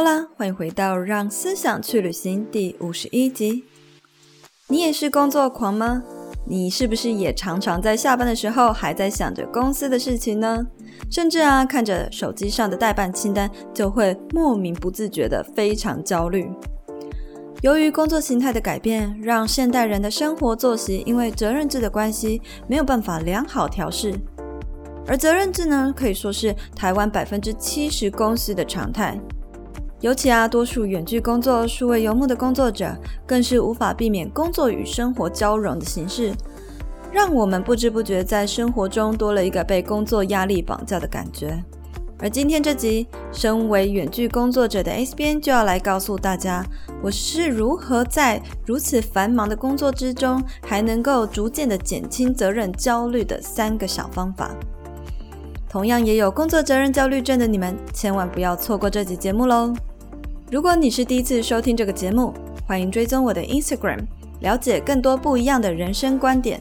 好了，歡迎回到《讓思想去旅行》第五十一集。你也是工作狂嗎？你是不是也常常在下班的時候還在想着公司的事情呢？甚至啊，看着手機上的代辦清單，就會莫名不自覺的非常焦慮。由於工作形態的改變，讓現代人的生活作息因為責任制的關係，沒有辦法良好調適。而責任制呢，可以說是台灣百分之七十公司的常態。尤其啊，多數遠距工作、數位游牧的工作者，更是無法避免工作與生活交融的形式，讓我們不知不覺在生活中多了一個被工作壓力綁架的感覺。而今天這集，身為遠距工作者的 S 編就要來告訴大家，我是如何在如此繁忙的工作之中，還能夠逐漸的減輕責任焦慮的三個小方法。同樣也有工作責任焦慮症的你們，千萬不要錯過這集節目囉！如果你是第一次收聽這個節目，歡迎追蹤我的 Instagram，了解更多不一樣的人生觀點。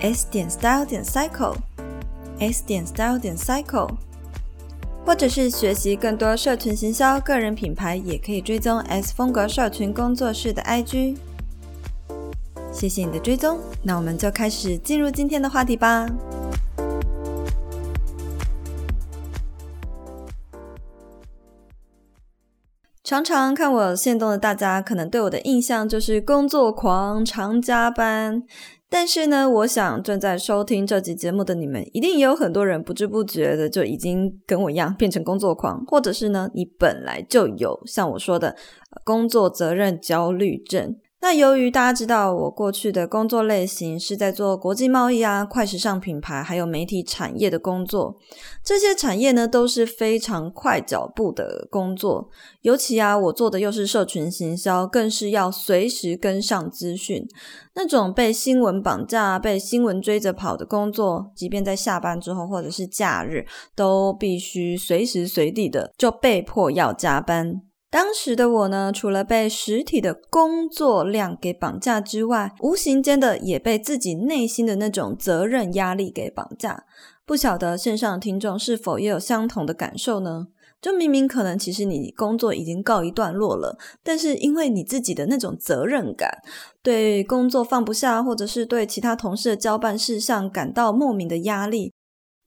S 點 style 點 cycle，S 點 style 點 cycle，或者是學習更多社群行銷、個人品牌，也可以追蹤 S 風格社群工作室的 IG。謝謝你的追蹤，那我們就開始進入今天的話題吧。常常看我限動的大家，可能對我的印象就是工作狂，常加班。但是呢，我想正在收聽這期節目的你們，一定也有很多人不知不覺的就已經跟我一樣變成工作狂，或者是呢，你本來就有像我說的工作責任焦慮症。那由於大家知道，我過去的工作類型是在做國際貿易啊、快時尚品牌還有媒體產業的工作，這些產業呢都是非常快腳步的工作。尤其啊，我做的又是社群行銷，更是要隨時跟上資訊，那種被新聞綁架、被新聞追着跑的工作，即便在下班之後或者是假日，都必須隨時隨地的就被迫要加班。當時的我呢，除了被實體的工作量給綁架之外，無形間的也被自己內心的那種責任壓力給綁架。不曉得線上的聽眾是否也有相同的感受呢？就明明可能其實你工作已經告一段落了，但是因為你自己的那種責任感，對工作放不下，或者是對其他同事的交辦事項感到莫名的壓力。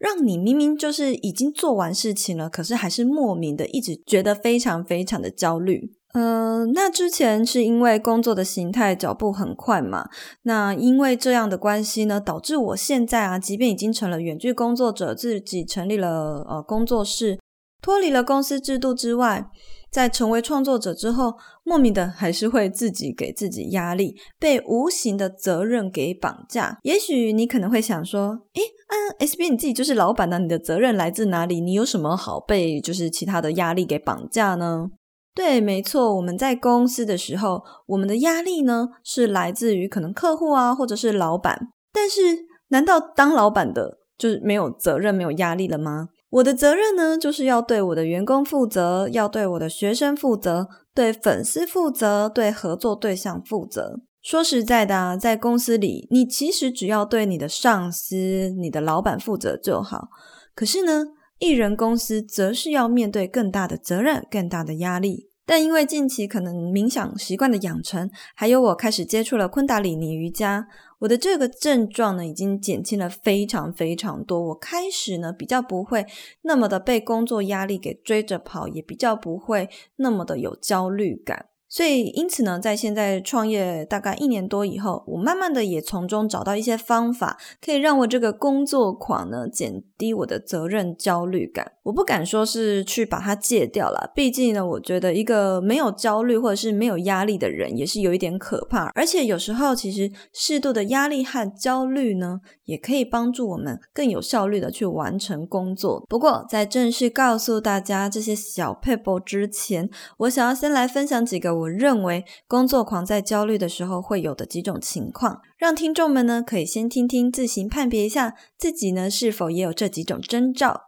讓你明明就是已經做完事情了，可是還是莫名的一直覺得非常非常的焦慮。呃，那之前是因為工作的形態、腳步很快嘛，那因為這樣的關係呢，導致我現在啊，即便已經成了遠距工作者，自己成立了，呃，工作室，脫離了公司制度之外。在成為創作者之後，莫名的還是會自己給自己壓力，被無形的責任給綁架。也許你可能會想說：“哎，嗯，S 編你自己就是老闆啊，那你的責任來自哪裡？你有什麼好被就是其他的壓力給綁架呢？”對，沒錯，我們在公司的時候，我們的壓力呢是來自於可能客戶啊，或者是老闆。但是，難道當老闆的就是沒有責任、沒有壓力了嗎？我的責任呢，就是要對我的員工負責，要對我的學生負責，對粉絲負責，對合作對象負責。說實在的啊，在公司裡，你其實只要對你的上司、你的老闆負責就好。可是呢，一人公司則是要面對更大的責任、更大的壓力。但因為近期可能冥想習慣的養成，還有我開始接觸了昆達里尼瑜伽，我的這個症狀呢，已經減輕了非常非常多。我開始呢，比較不會那麼的被工作壓力給追着跑，也比較不會那麼的有焦慮感。所以，因此呢，在現在創業大概一年多以後，我慢慢的也從中找到一些方法，可以讓我這個工作狂呢，減低我的責任焦慮感。我不敢說是去把它戒掉了，畢竟呢，我覺得一個沒有焦慮或者是沒有壓力的人，也是有一點可怕。而且有時候，其實適度的壓力和焦慮呢，也可以幫助我們更有效率的去完成工作。不過，在正式告訴大家這些小撇步之前，我想要先來分享幾個。我認為工作狂在焦慮的時候會有的幾種情況，讓聽眾們呢可以先聽聽，自行判別一下自己呢是否也有這幾種徵兆，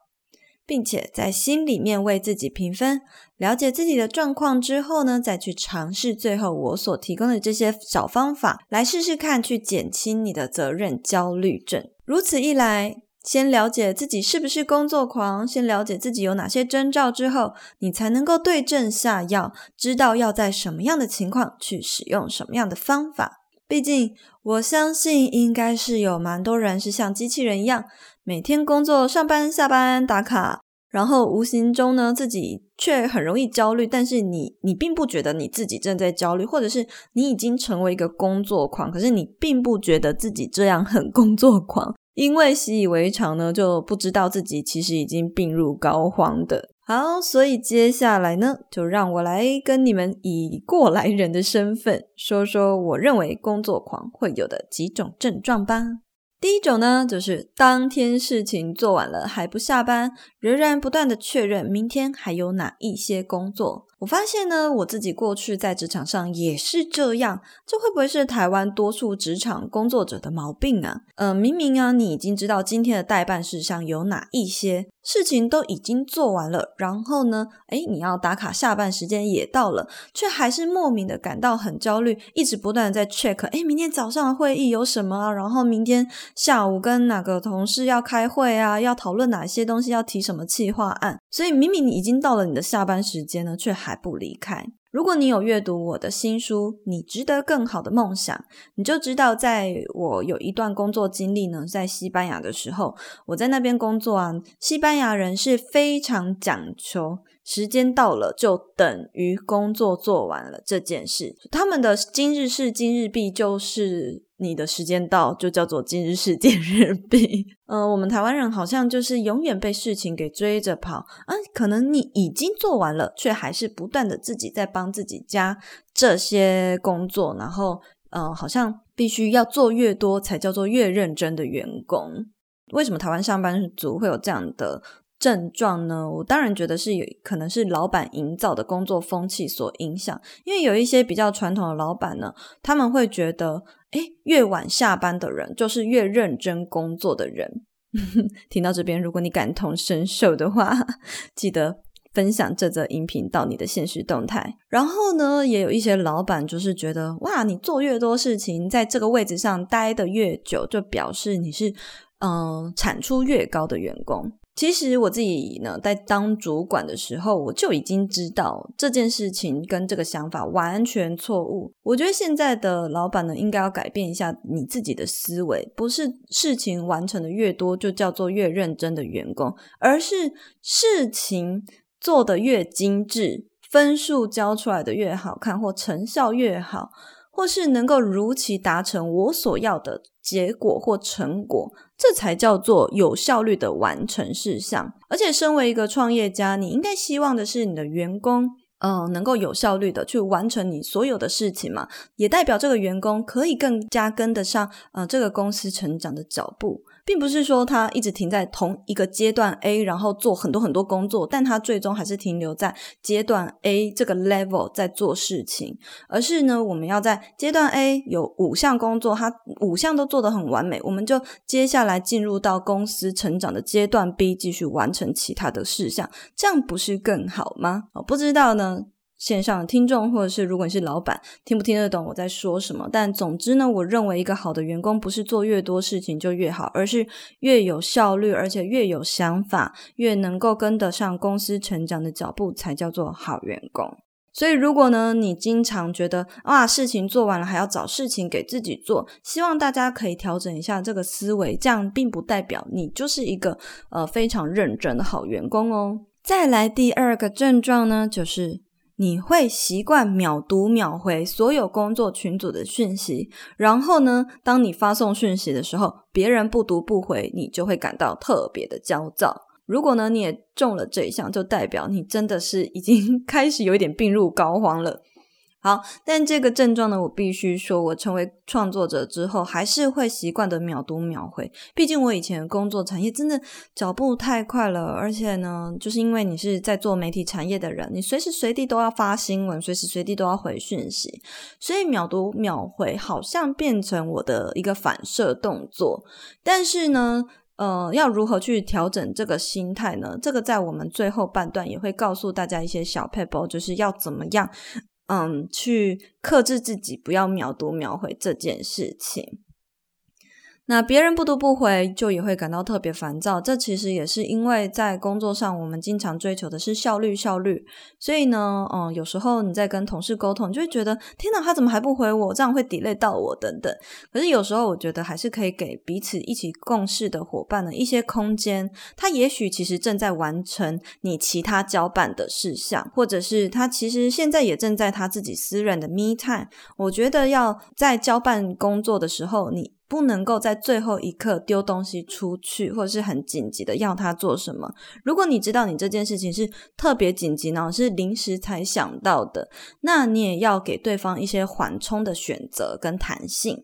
並且在心裡面為自己評分。了解自己的狀況之後呢，再去嘗試最後我所提供的這些小方法，來試試看去減輕你的責任焦慮症。如此一來。先了解自己是不是工作狂，先了解自己有哪些徵兆，之後你才能夠對症下藥，知道要在什麼樣的情況去使用什麼樣的方法。畢竟，我相信應該是有蠻多人是像機器人一樣，每天工作、上班、下班、打卡，然後無形中呢，自己卻很容易焦慮，但是你你並不覺得你自己正在焦慮，或者是你已經成為一個工作狂，可是你並不覺得自己這樣很工作狂。因為習以為常呢，就不知道自己其實已經病入膏肓的。好，所以接下來呢，就讓我來跟你們以過來人的身份，說說我認為工作狂會有的幾種症狀吧。第一種呢，就是當天事情做完了還不下班，仍然不斷地確認明天還有哪一些工作。我發現呢，我自己過去在職場上也是這樣，這會不會是台灣多數職場工作者的毛病啊？呃、嗯，明明啊，你已經知道今天的待辦事項有哪一些，事情都已經做完了，然後呢？哎，你要打卡，下班時間也到了，卻還是莫名的感到很焦慮，一直不斷的在 check。哎，明天早上的會議有什麼啊？然後明天下午跟哪個同事要開會啊？要討論哪些東西？要提什麼企劃案？所以明明你已經到了你的下班時間呢，卻還不離開。如果你有閱讀我的新書《你值得更好的夢想》，你就知道，在我有一段工作經歷呢，在西班牙的時候，我在那邊工作啊，西班牙人是非常講求。時間到了，就等於工作做完了這件事。他們的今日事今日畢，就是你的時間到，就叫做今日事今日畢。呃，我們台灣人好像就是永遠被事情給追着跑。啊，可能你已經做完了，卻還是不斷的自己在幫自己加這些工作。然後，呃，好像必須要做越多，才叫做越認真的員工。為什麼台灣上班族會有這樣的？症狀呢，我當然覺得是有可能是老闆營造的工作風氣所影響，因為有一些比較傳統的老闆呢，他們會覺得，哎，越晚下班的人就是越認真工作的人。 聽到這邊，如果你感同身受的話，記得分享這則音頻到你的現實動態。然後呢，也有一些老闆就是覺得，哇，你做越多事情，在這個位置上待得越久，就表示你是嗯、呃、產出越高的員工。其實我自己呢，在當主管的時候，我就已經知道這件事情跟這個想法完全錯誤。我覺得現在的老板呢，應該要改變一下你自己的思維，不是事情完成的越多就叫做越認真的員工，而是事情做得越精緻，分數交出來的越好看，或成效越好。或是能夠如期達成我所要的結果或成果，這才叫做有效率的完成事項。而且，身為一個創業家，你應該希望的是你的員工，嗯、呃，能夠有效率的去完成你所有的事情嘛，也代表這個員工可以更加跟得上，嗯、呃，這個公司成長的腳步。並不是說他一直停在同一個階段 A，然後做很多很多工作，但他最終還是停留在階段 A 這個 level 在做事情，而是呢，我們要在階段 A 有五項工作，他五項都做得很完美，我們就接下來進入到公司成長的階段 B，繼續完成其他的事項，這樣不是更好嗎？我不知道呢。線上的聽眾，或者是如果你是老闆，聽不聽得懂我在說什麼？但總之呢，我認為一個好的員工不是做越多事情就越好，而是越有效率，而且越有想法，越能夠跟得上公司成長的腳步，才叫做好員工。所以，如果呢你經常覺得哇，事情做完了還要找事情給自己做，希望大家可以調整一下這個思維。這樣並不代表你就是一個呃非常認真的好員工哦。再來第二個症狀呢，就是。你會習慣秒讀秒回所有工作群組的訊息，然後呢，當你發送訊息的時候，別人不讀不回，你就會感到特別的焦躁。如果呢，你也中了這一項，就代表你真的是已經開始有一點病入膏肓了。好，但這個症狀呢，我必須說，我成為創作者之後，還是會習慣的秒讀秒回。畢竟我以前工作產業真的腳步太快了，而且呢，就是因為你是在做媒體產業的人，你隨時隨地都要發新聞，隨時隨地都要回訊息，所以秒讀秒回好像變成我的一個反射動作。但是呢，呃，要如何去調整這個心態呢？這個在我們最後半段也會告訴大家一些小撇步，就是要怎麼樣。嗯，去克制自己，不要秒讀秒回這件事情。那別人不讀不回，就也會感到特別煩躁。這其實也是因為，在工作上我們經常追求的是效率，效率。所以呢，嗯，有時候你在跟同事溝通，你就會覺得天哪，他怎麼還不回我？這樣會 delay 到我等等。可是有時候我覺得，還是可以給彼此一起共事的夥伴的一些空間。他也許其實正在完成你其他交辦的事項，或者是他其實現在也正在他自己私人的 me time。我覺得要在交辦工作的時候，你。不能夠在最後一刻丟東西出去，或者是很緊急的要他做什麼。如果你知道你這件事情是特別緊急，然後是臨時才想到的，那你也要給對方一些緩衝的選擇跟彈性，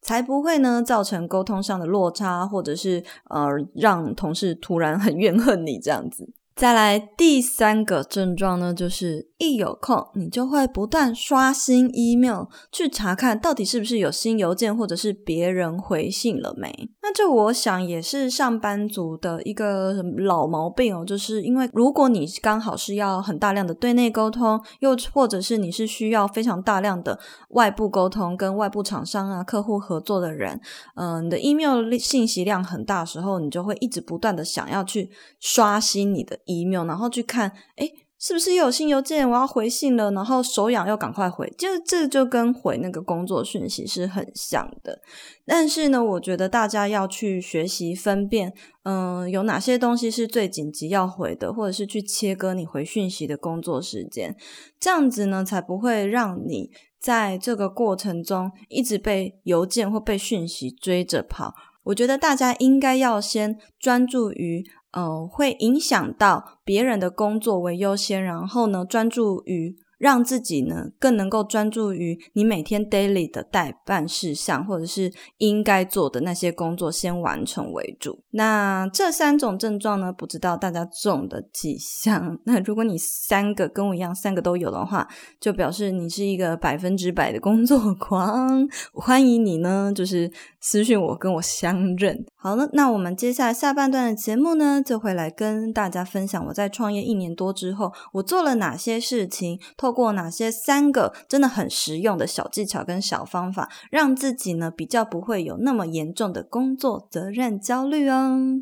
才不會呢造成溝通上的落差，或者是呃讓同事突然很怨恨你這樣子。再來第三個症狀呢，就是。一有空，你就會不斷刷新 email 去查看到底是不是有新郵件，或者是別人回信了沒？那就我想也是上班族的一個老毛病哦，就是因為如果你剛好是要很大量的對內溝通，又或者是你是需要非常大量的外部溝通，跟外部廠商啊、客戶合作的人，嗯、呃，你的 email 信息量很大的時候，你就會一直不斷的想要去刷新你的 email，然後去看，欸是不是又有新郵件？我要回信了，然後手癢又趕快回，就這就跟回那個工作訊息是很像的。但是呢，我覺得大家要去學習分辨，嗯、呃，有哪些東西是最緊急要回的，或者是去切割你回訊息的工作時間，這樣子呢，才不會讓你在這個過程中一直被郵件或被訊息追着跑。我覺得大家應該要先專注於。呃，會影響到別人的工作為優先，然後呢，專注於。讓自己呢更能夠專注於你每天 daily 的待辦事項，或者是應該做的那些工作先完成為主。那這三種症狀呢，不知道大家中的幾項？那如果你三個跟我一樣，三個都有的話，就表示你是一個百分之百的工作狂。歡迎你呢，就是私訊我，跟我相認。好了，那我們接下來下半段的節目呢，就會來跟大家分享我在創業一年多之後，我做了哪些事情。透過哪些三個真的很實用的小技巧跟小方法，讓自己呢比較不會有那麼嚴重的工作責任焦慮哦。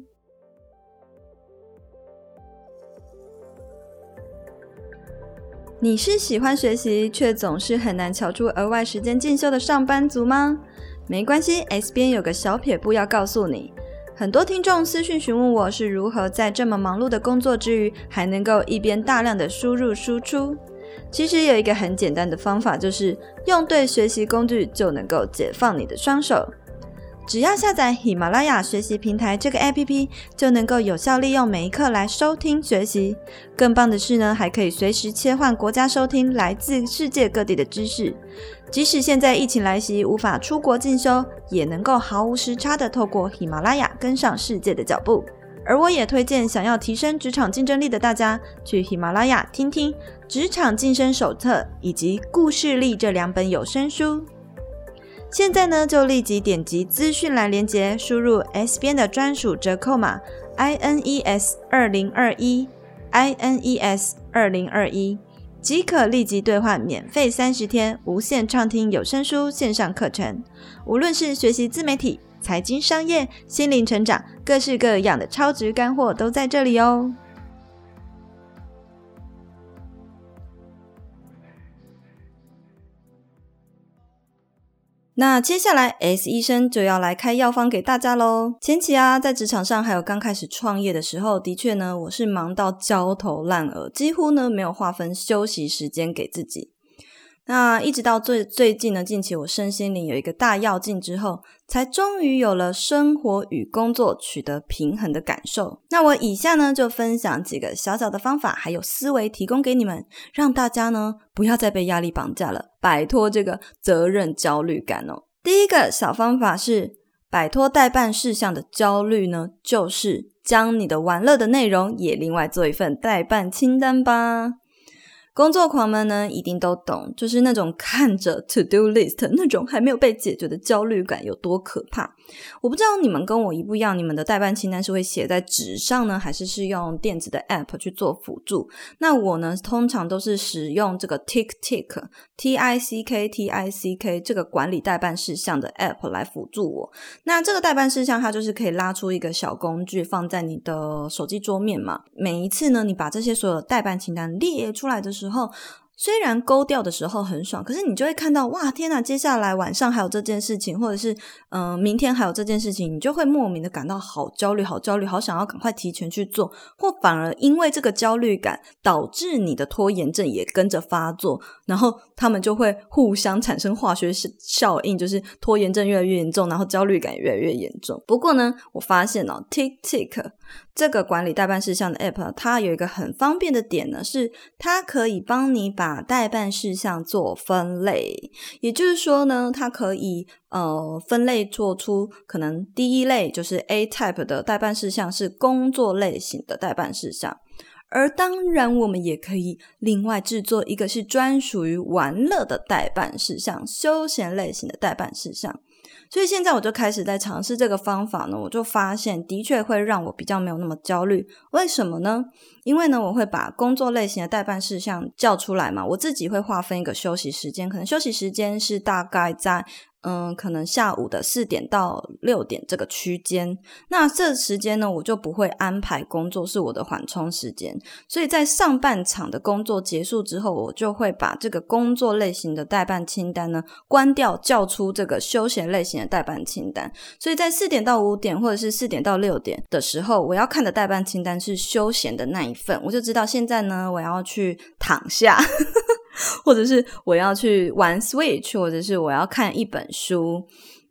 你是喜歡學習卻總是很難瞧出額外時間進修的上班族嗎？沒關係，S 編有個小撇步要告訴你。很多聽眾私訊詢問我是如何在這麼忙碌的工作之餘，還能夠一邊大量的輸入輸出。其實有一個很簡單的方法，就是用對學習工具就能夠解放你的雙手。只要下載喜馬拉雅學習平台這個 APP，就能夠有效利用每一刻來收聽學習。更棒的是呢，還可以隨時切換國家收聽來自世界各地的知識。即使現在疫情來襲，無法出國進修，也能夠毫無時差的透過喜馬拉雅跟上世界的腳步。而我也推薦想要提升職場競爭力的大家，去喜馬拉雅聽聽《職場晉升手冊》以及《故事力》這兩本有聲書。現在呢，就立即點擊資訊欄鏈接，輸入 S 編的專屬折扣碼 INES 二零二一，INES 二零二一，2021, 2021, 即可立即兌換免費三十天無限暢聽有聲書線上課程。無論是學習自媒體，財經、商業、心靈成長，各式各樣的超值乾貨都在這裡哦。那接下來 S 醫生就要來開藥方給大家嘍。前期啊，在職場上還有剛開始創業的時候，的確呢，我是忙到焦頭爛額，幾乎呢沒有劃分休息時間給自己。那一直到最最近呢，近期我身心靈有一個大躍進之後，才終於有了生活與工作取得平衡的感受。那我以下呢就分享幾個小小的方法，還有思維提供給你們，讓大家呢不要再被壓力綁架了，擺脫這個責任焦慮感哦。第一個小方法是擺脫待辦事項的焦慮呢，就是將你的玩樂的內容也另外做一份待辦清單吧。工作狂們呢，一定都懂，就是那種看着 to do list 那種還沒有被解決的焦慮感有多可怕。我不知道你們跟我一不一樣，你們的代辦清單是會寫在紙上呢，還是是用電子的 app 去做輔助？那我呢，通常都是使用這個 tick tick t i c k t i c k 這個管理代辦事項的 app 來輔助我。那這個代辦事項，它就是可以拉出一個小工具放在你的手機桌面嘛。每一次呢，你把這些所有的代辦清單列出來的時候，之後，雖然勾掉的時候很爽，可是你就會看到哇，天哪！接下來晚上還有這件事情，或者是嗯、呃，明天還有這件事情，你就會莫名的感到好焦慮，好焦慮，好想要趕快提前去做，或反而因為這個焦慮感導致你的拖延症也跟着發作，然後他們就會互相產生化學效應，就是拖延症越來越嚴重，然後焦慮感越來越嚴重。不過呢，我發現喔，tick tick。這個管理代辦事項的 App 它有一個很方便的點呢，是它可以幫你把代辦事項做分類。也就是說呢，它可以呃分類做出可能第一類就是 A type 的代辦事項是工作類型的代辦事項，而當然我們也可以另外制作一個是專屬於玩樂的代辦事項、休閒類型的代辦事項。所以現在我就開始在嘗試這個方法呢，我就發現的確會讓我比較沒有那麼焦慮。為什麼呢？因為呢，我會把工作類型的待辦事項叫出來嘛，我自己會劃分一個休息時間，可能休息時間是大概在。嗯，可能下午的四點到六點這個區間，那這時間呢，我就不會安排工作，是我的緩衝時間。所以在上半場的工作結束之後，我就會把這個工作類型的代辦清單呢關掉，叫出這個休閒類型的代辦清單。所以在四點到五點，或者是四點到六點的時候，我要看的代辦清單是休閒的那一份，我就知道現在呢，我要去躺下。 或者是我要去玩 Switch，或者是我要看一本書。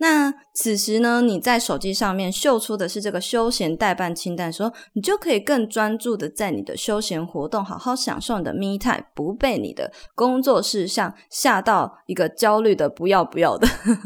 那此時呢，你在手機上面秀出的是這個休閒代辦清單，說你就可以更專注的在你的休閒活動好好享受你的 Me Time，不被你的工作事項嚇到一個焦慮的不要不要的，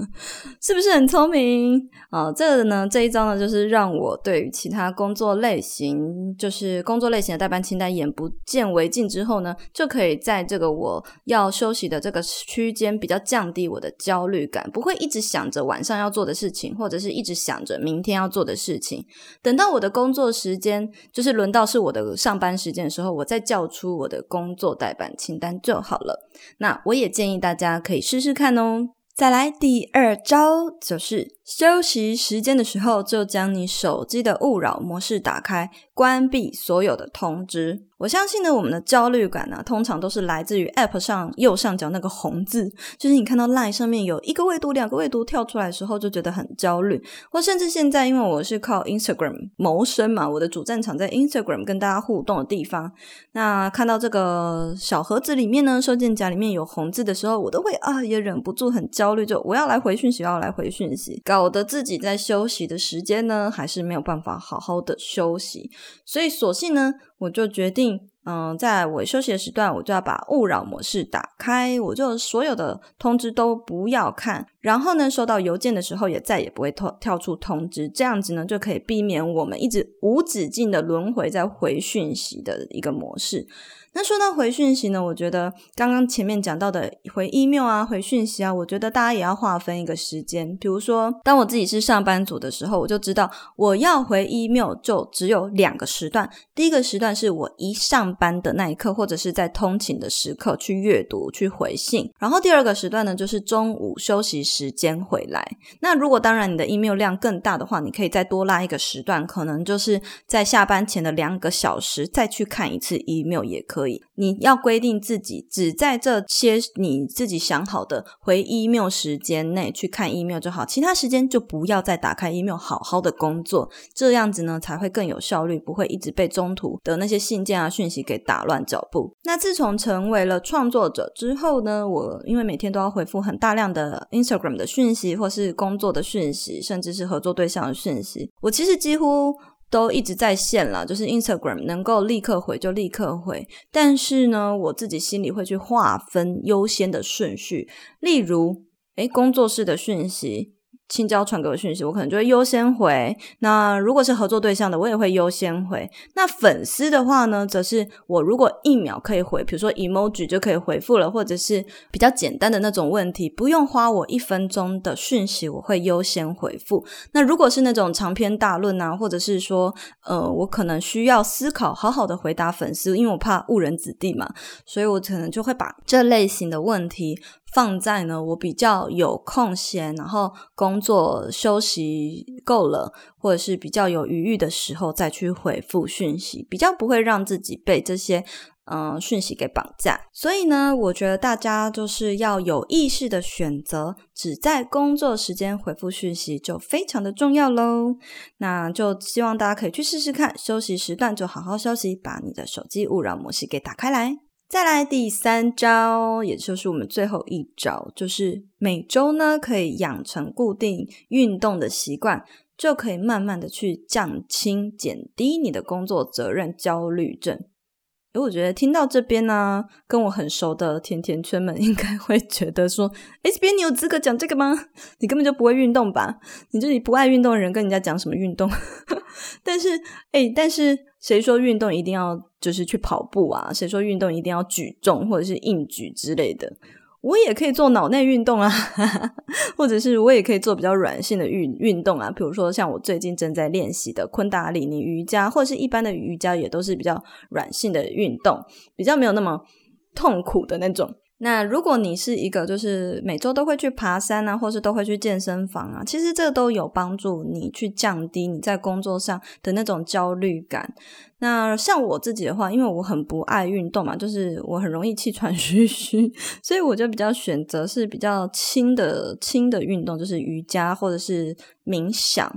是不是很聰明啊？哦，這個呢，這一招呢，就是讓我對於其他工作類型，就是工作類型的代辦清單眼不見為淨之後呢，就可以在這個我要休息的這個區間比較降低我的焦慮感，不會一直想着晚上。上要做的事情，或者是一直想着明天要做的事情，等到我的工作時間，就是輪到是我的上班時間的時候，我再叫出我的工作待辦清單就好了。那我也建議大家可以試試看哦。再來第二招就是。休息時間的時候，就將你手機的勿擾模式打開，關閉所有的通知。我相信呢，我們的焦慮感呢、啊，通常都是來自於 App 上右上角那個紅字，就是你看到 Line 上面有一個未讀，兩個未讀跳出來的時候，就覺得很焦慮。或甚至現在，因為我是靠 Instagram 謀生嘛，我的主戰場在 Instagram 跟大家互動的地方，那看到這個小盒子裡面呢，收件夾裡面有紅字的時候，我都會啊，也忍不住很焦慮，就我要來回訊息，要來回訊息。搞得自己在休息的時間呢，還是沒有辦法好好的休息，所以索性呢，我就決定，嗯，在我休息的時段，我就要把勿擾模式打開，我就所有的通知都不要看，然後呢，收到郵件的時候也再也不會跳跳出通知，這樣子呢，就可以避免我們一直無止境的輪回在回訊息的一個模式。那說到回訊息呢，我覺得剛剛前面講到的回 email 啊、回訊息啊，我覺得大家也要劃分一個時間。比如說，當我自己是上班族的時候，我就知道我要回 email 就只有兩個時段。第一個時段是我一上班的那一刻，或者是在通勤的時刻去閱讀、去回信。然後第二個時段呢，就是中午休息時間回來。那如果當然你的 email 量更大的話，你可以再多拉一個時段，可能就是在下班前的兩個小時再去看一次 email 也可以。你要規定自己只在這些你自己想好的回 email 時間內去看 email 就好，其他時間就不要再打開 email，好好的工作，這樣子呢才會更有效率，不會一直被中途的那些信件啊、訊息給打亂腳步。那自從成為了創作者之後呢，我因為每天都要回復很大量的 Instagram 的訊息，或是工作的訊息，甚至是合作對象的訊息，我其實幾乎，都一直在線了，就是 Instagram 能夠立刻回就立刻回，但是呢，我自己心裡會去劃分優先的順序，例如，哎、欸，工作室的訊息。青椒傳給我訊息，我可能就會優先回。那如果是合作對象的，我也會優先回。那粉絲的話呢，則是我如果一秒可以回，比如說 emoji 就可以回復了，或者是比較簡單的那種問題，不用花我一分鐘的訊息，我會優先回復。那如果是那種長篇大論啊，或者是說，呃，我可能需要思考，好好的回答粉絲，因為我怕誤人子弟嘛，所以我可能就會把這類型的問題，放在呢，我比較有空閒，然後工作休息夠了，或者是比較有餘裕的時候再去回復訊息，比較不會讓自己被這些嗯，訊息給綁架。所以呢，我覺得大家就是要有意識的選擇，只在工作時間回復訊息就非常的重要嘍。那就希望大家可以去試試看，休息時段就好好休息，把你的手機勿擾模式給打開來。再來第三招，也就是我們最後一招，就是每周呢，可以養成固定運動的習慣，就可以慢慢的去減輕、減低你的工作責任焦慮症。我覺得聽到這邊呢、啊，跟我很熟的甜甜圈們應該會覺得說誒，這邊你有資格講這個嗎？你根本就不會運動吧？你這裡不愛運動的人跟人家講什麼運動？” 但是，誒、欸、但是。誰說運動一定要就是去跑步啊？誰說運動一定要舉重或者是硬舉之類的？我也可以做腦內運動啊，哈哈哈，或者是我也可以做比較軟性的運運動啊。比如說像我最近正在練習的昆達里尼瑜伽，或者是一般的瑜伽，也都是比較軟性的運動，比較沒有那麼痛苦的那種。那如果你是一個，就是每周都會去爬山啊，或是都會去健身房啊，其實這都有幫助你去降低你在工作上的那種焦慮感。那像我自己的話，因為我很不愛運動嘛，就是我很容易氣喘吁吁，所以我就比較選擇是比較輕的、輕的運動，就是瑜伽或者是冥想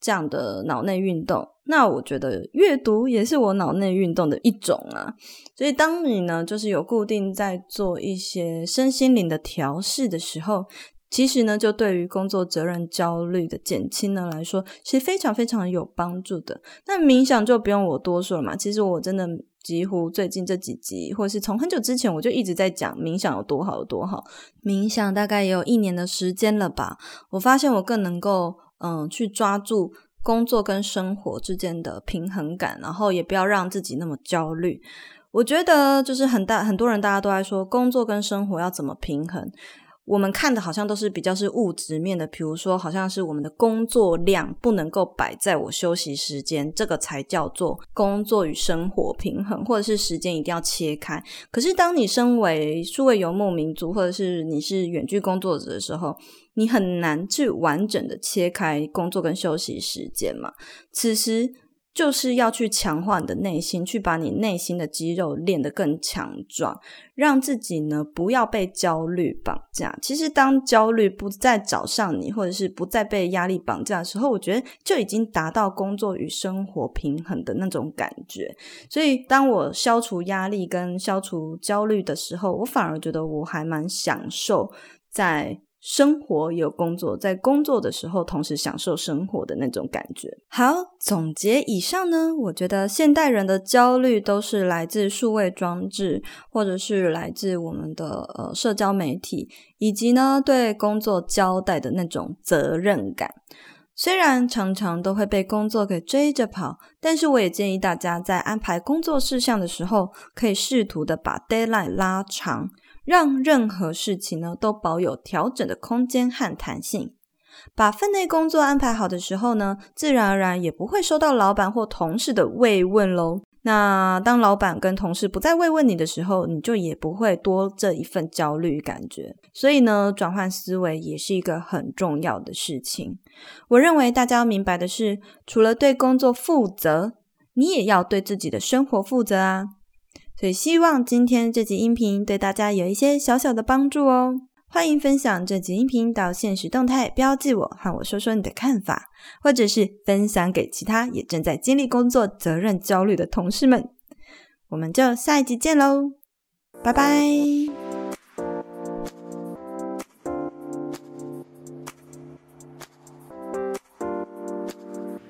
這樣的腦內運動。那我覺得閱讀也是我腦內運動的一種啊，所以當你呢，就是有固定在做一些身心靈的調適的時候，其實呢，就對於工作責任焦慮的減輕呢來說，是非常非常有幫助的。那冥想就不用我多說了嘛，其實我真的幾乎最近這幾集，或是從很久之前，我就一直在講冥想有多好，有多好。冥想大概也有一年的時間了吧，我發現我更能夠嗯去抓住。工作跟生活之間的平衡感，然後也不要讓自己那麼焦慮。我覺得就是很大，很多人大家都在說，工作跟生活要怎麼平衡？我們看的好像都是比較是物質面的，比如說好像是我們的工作量不能夠擺在我休息時間，這個才叫做工作與生活平衡，或者是時間一定要切開。可是當你身為數位游牧民族，或者是你是遠距工作者的時候，你很難去完整的切開工作跟休息時間嘛。此時，就是要去強化你的內心，去把你內心的肌肉練得更強壯，讓自己呢不要被焦慮綁架。其實，當焦慮不再找上你，或者是不再被壓力綁架的時候，我覺得就已經達到工作與生活平衡的那種感覺。所以，當我消除壓力跟消除焦慮的時候，我反而覺得我還蠻享受在。生活有工作，在工作的時候同時享受生活的那種感覺。好，總結以上呢，我覺得現代人的焦慮都是來自數位裝置，或者是來自我們的呃社交媒體，以及呢對工作交代的那種責任感。雖然常常都會被工作給追着跑，但是我也建議大家在安排工作事項的時候，可以試圖的把 deadline 拉長。讓任何事情呢，都保有調整的空間和彈性，把分內工作安排好的時候呢，自然而然也不會收到老板或同事的慰問嘍。那當老板跟同事不再慰問你的時候，你就也不會多這一份焦慮感覺。所以呢，轉換思維也是一個很重要的事情。我認為大家要明白的是，除了對工作負責，你也要對自己的生活負責啊。所以希望今天這集音頻對大家有一些小小的幫助哦。歡迎分享這集音頻到限時動態標記我，和我說說你的看法，或者是分享給其他也正在經歷工作責任焦慮的同事們。我們就下一集見嘍，拜拜！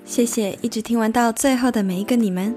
謝謝一直聽完到最後的每一個你們。